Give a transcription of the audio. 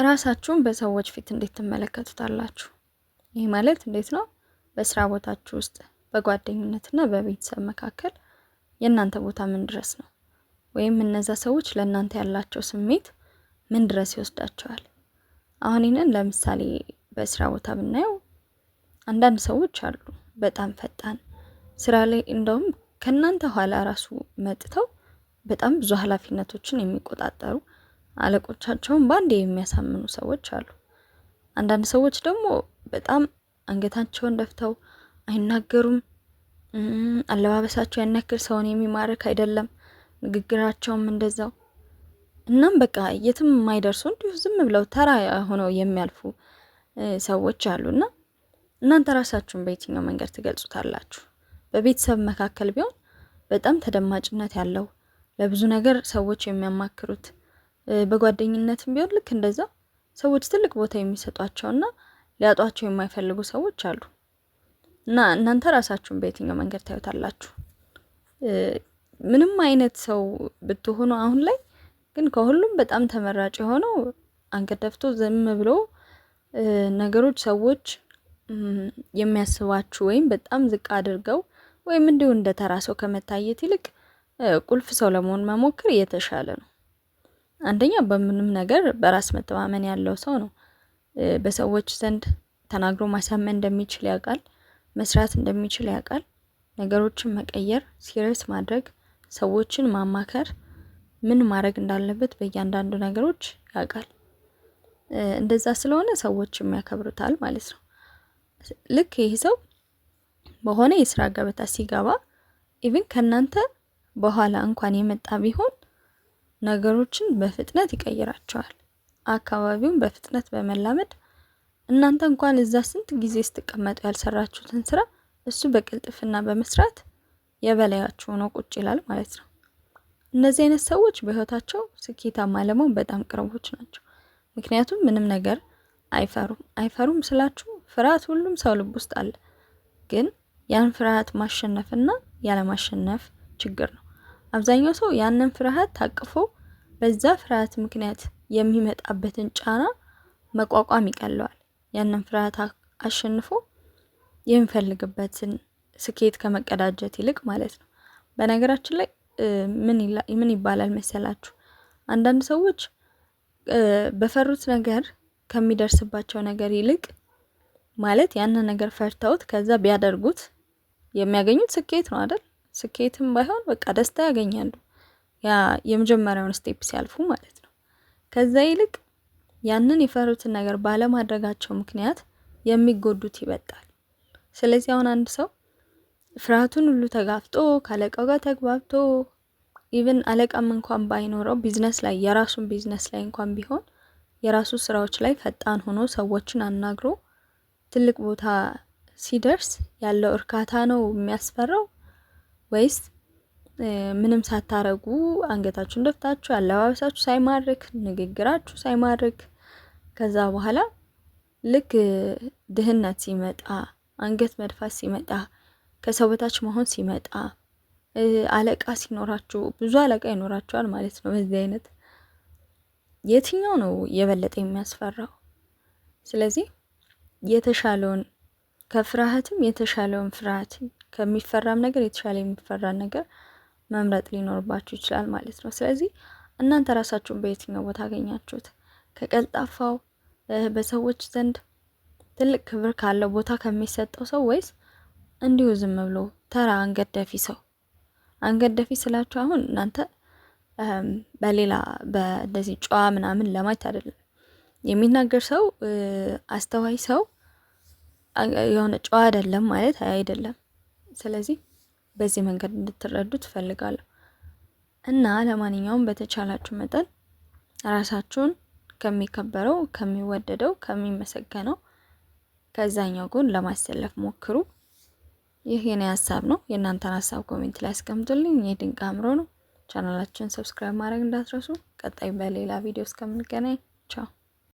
እራሳችሁን በሰዎች ፊት እንዴት ትመለከቱታላችሁ? ይህ ማለት እንዴት ነው? በስራ ቦታችሁ ውስጥ በጓደኝነትና በቤተሰብ መካከል የእናንተ ቦታ ምን ድረስ ነው? ወይም እነዛ ሰዎች ለእናንተ ያላቸው ስሜት ምን ድረስ ይወስዳቸዋል? አሁን ይህንን ለምሳሌ በስራ ቦታ ብናየው አንዳንድ ሰዎች አሉ፣ በጣም ፈጣን ስራ ላይ እንደውም ከእናንተ ኋላ ራሱ መጥተው በጣም ብዙ ኃላፊነቶችን የሚቆጣጠሩ አለቆቻቸውን በአንዴ የሚያሳምኑ ሰዎች አሉ። አንዳንድ ሰዎች ደግሞ በጣም አንገታቸውን ደፍተው አይናገሩም። አለባበሳቸው ያን ያክል ሰውን የሚማርክ አይደለም፣ ንግግራቸውም እንደዛው። እናም በቃ የትም የማይደርሱ እንዲሁ ዝም ብለው ተራ ሆነው የሚያልፉ ሰዎች አሉ እና እናንተ ራሳችሁን በየትኛው መንገድ ትገልጹታላችሁ? በቤተሰብ መካከል ቢሆን በጣም ተደማጭነት ያለው ለብዙ ነገር ሰዎች የሚያማክሩት በጓደኝነትም ቢሆን ልክ እንደዛ ሰዎች ትልቅ ቦታ የሚሰጧቸው ና ሊያጧቸው የማይፈልጉ ሰዎች አሉ እና እናንተ ራሳችሁን በየትኛው መንገድ ታዩታላችሁ? ምንም አይነት ሰው ብትሆኑ አሁን ላይ ግን ከሁሉም በጣም ተመራጭ የሆነው አንገት ደፍቶ ዝም ብሎ ነገሮች ሰዎች የሚያስባችሁ ወይም በጣም ዝቅ አድርገው ወይም እንዲሁ እንደ ተራ ሰው ከመታየት ይልቅ ቁልፍ ሰው ለመሆን መሞከር እየተሻለ ነው። አንደኛ በምንም ነገር በራስ መተማመን ያለው ሰው ነው። በሰዎች ዘንድ ተናግሮ ማሳመን እንደሚችል ያውቃል። መስራት እንደሚችል ያውቃል። ነገሮችን መቀየር፣ ሲሪየስ ማድረግ፣ ሰዎችን ማማከር፣ ምን ማድረግ እንዳለበት በእያንዳንዱ ነገሮች ያውቃል። እንደዛ ስለሆነ ሰዎችም ያከብሩታል ማለት ነው። ልክ ይህ ሰው በሆነ የስራ ገበታ ሲገባ ኢቭን ከእናንተ በኋላ እንኳን የመጣ ቢሆን ነገሮችን በፍጥነት ይቀይራቸዋል። አካባቢውን በፍጥነት በመላመድ እናንተ እንኳን እዛ ስንት ጊዜ ስትቀመጡ ያልሰራችሁትን ስራ እሱ በቅልጥፍና በመስራት የበላያችሁ ሆኖ ቁጭ ይላል ማለት ነው። እነዚህ አይነት ሰዎች በህይወታቸው ስኬታማ ለመሆን በጣም ቅርቦች ናቸው። ምክንያቱም ምንም ነገር አይፈሩም። አይፈሩም ስላችሁ ፍርሃት ሁሉም ሰው ልብ ውስጥ አለ። ግን ያን ፍርሃት ማሸነፍና ያለማሸነፍ ችግር ነው። አብዛኛው ሰው ያንን ፍርሃት ታቅፎ በዛ ፍርሃት ምክንያት የሚመጣበትን ጫና መቋቋም ይቀለዋል። ያንን ፍርሃት አሸንፎ የሚፈልግበትን ስኬት ከመቀዳጀት ይልቅ ማለት ነው። በነገራችን ላይ ምን ይባላል መሰላችሁ? አንዳንድ ሰዎች በፈሩት ነገር ከሚደርስባቸው ነገር ይልቅ ማለት ያንን ነገር ፈርተውት ከዛ ቢያደርጉት የሚያገኙት ስኬት ነው አይደል? ስኬትም ባይሆን በቃ ደስታ ያገኛሉ። ያ የመጀመሪያውን ስቴፕ ሲያልፉ ማለት ነው። ከዛ ይልቅ ያንን የፈሩትን ነገር ባለማድረጋቸው ምክንያት የሚጎዱት ይበጣል። ስለዚህ አሁን አንድ ሰው ፍርሃቱን ሁሉ ተጋፍጦ ከአለቃው ጋር ተግባብቶ ኢቨን አለቃም እንኳን ባይኖረው ቢዝነስ ላይ የራሱን ቢዝነስ ላይ እንኳን ቢሆን የራሱ ስራዎች ላይ ፈጣን ሆኖ ሰዎችን አናግሮ ትልቅ ቦታ ሲደርስ ያለው እርካታ ነው የሚያስፈራው ወይስ ምንም ሳታረጉ አንገታችሁን ደፍታችሁ አለባበሳችሁ ሳይማርክ ንግግራችሁ ሳይማርክ ከዛ በኋላ ልክ ድህነት ሲመጣ አንገት መድፋት ሲመጣ ከሰው በታች መሆን ሲመጣ አለቃ ሲኖራችሁ ብዙ አለቃ ይኖራችኋል ማለት ነው። በዚህ አይነት የትኛው ነው የበለጠ የሚያስፈራው? ስለዚህ የተሻለውን ከፍርሃትም የተሻለውን ፍርሃት ከሚፈራም ነገር የተሻለ የሚፈራ ነገር መምረጥ ሊኖርባችሁ ይችላል ማለት ነው። ስለዚህ እናንተ ራሳችሁን በየትኛው ቦታ አገኛችሁት? ከቀልጣፋው በሰዎች ዘንድ ትልቅ ክብር ካለው ቦታ ከሚሰጠው ሰው ወይስ እንዲሁ ዝም ብሎ ተራ አንገት ደፊ ሰው? አንገት ደፊ ስላችሁ አሁን እናንተ በሌላ በእንደዚህ ጨዋ ምናምን ለማየት አይደለም የሚናገር ሰው አስተዋይ ሰው የሆነ ጨዋ አይደለም ማለት አይደለም። ስለዚህ በዚህ መንገድ እንድትረዱ ትፈልጋለሁ እና ለማንኛውም በተቻላችሁ መጠን ራሳችሁን ከሚከበረው ከሚወደደው ከሚመሰገነው ከዛኛው ጎን ለማሰለፍ ሞክሩ። ይህ የኔ ሀሳብ ነው። የእናንተን ሀሳብ ኮሜንት ላይ አስቀምጡልኝ። ይህ ድንቅ አእምሮ ነው። ቻናላችን ሰብስክራይብ ማድረግ እንዳትረሱ። ቀጣይ በሌላ ቪዲዮ እስከምንገናኝ ቻው።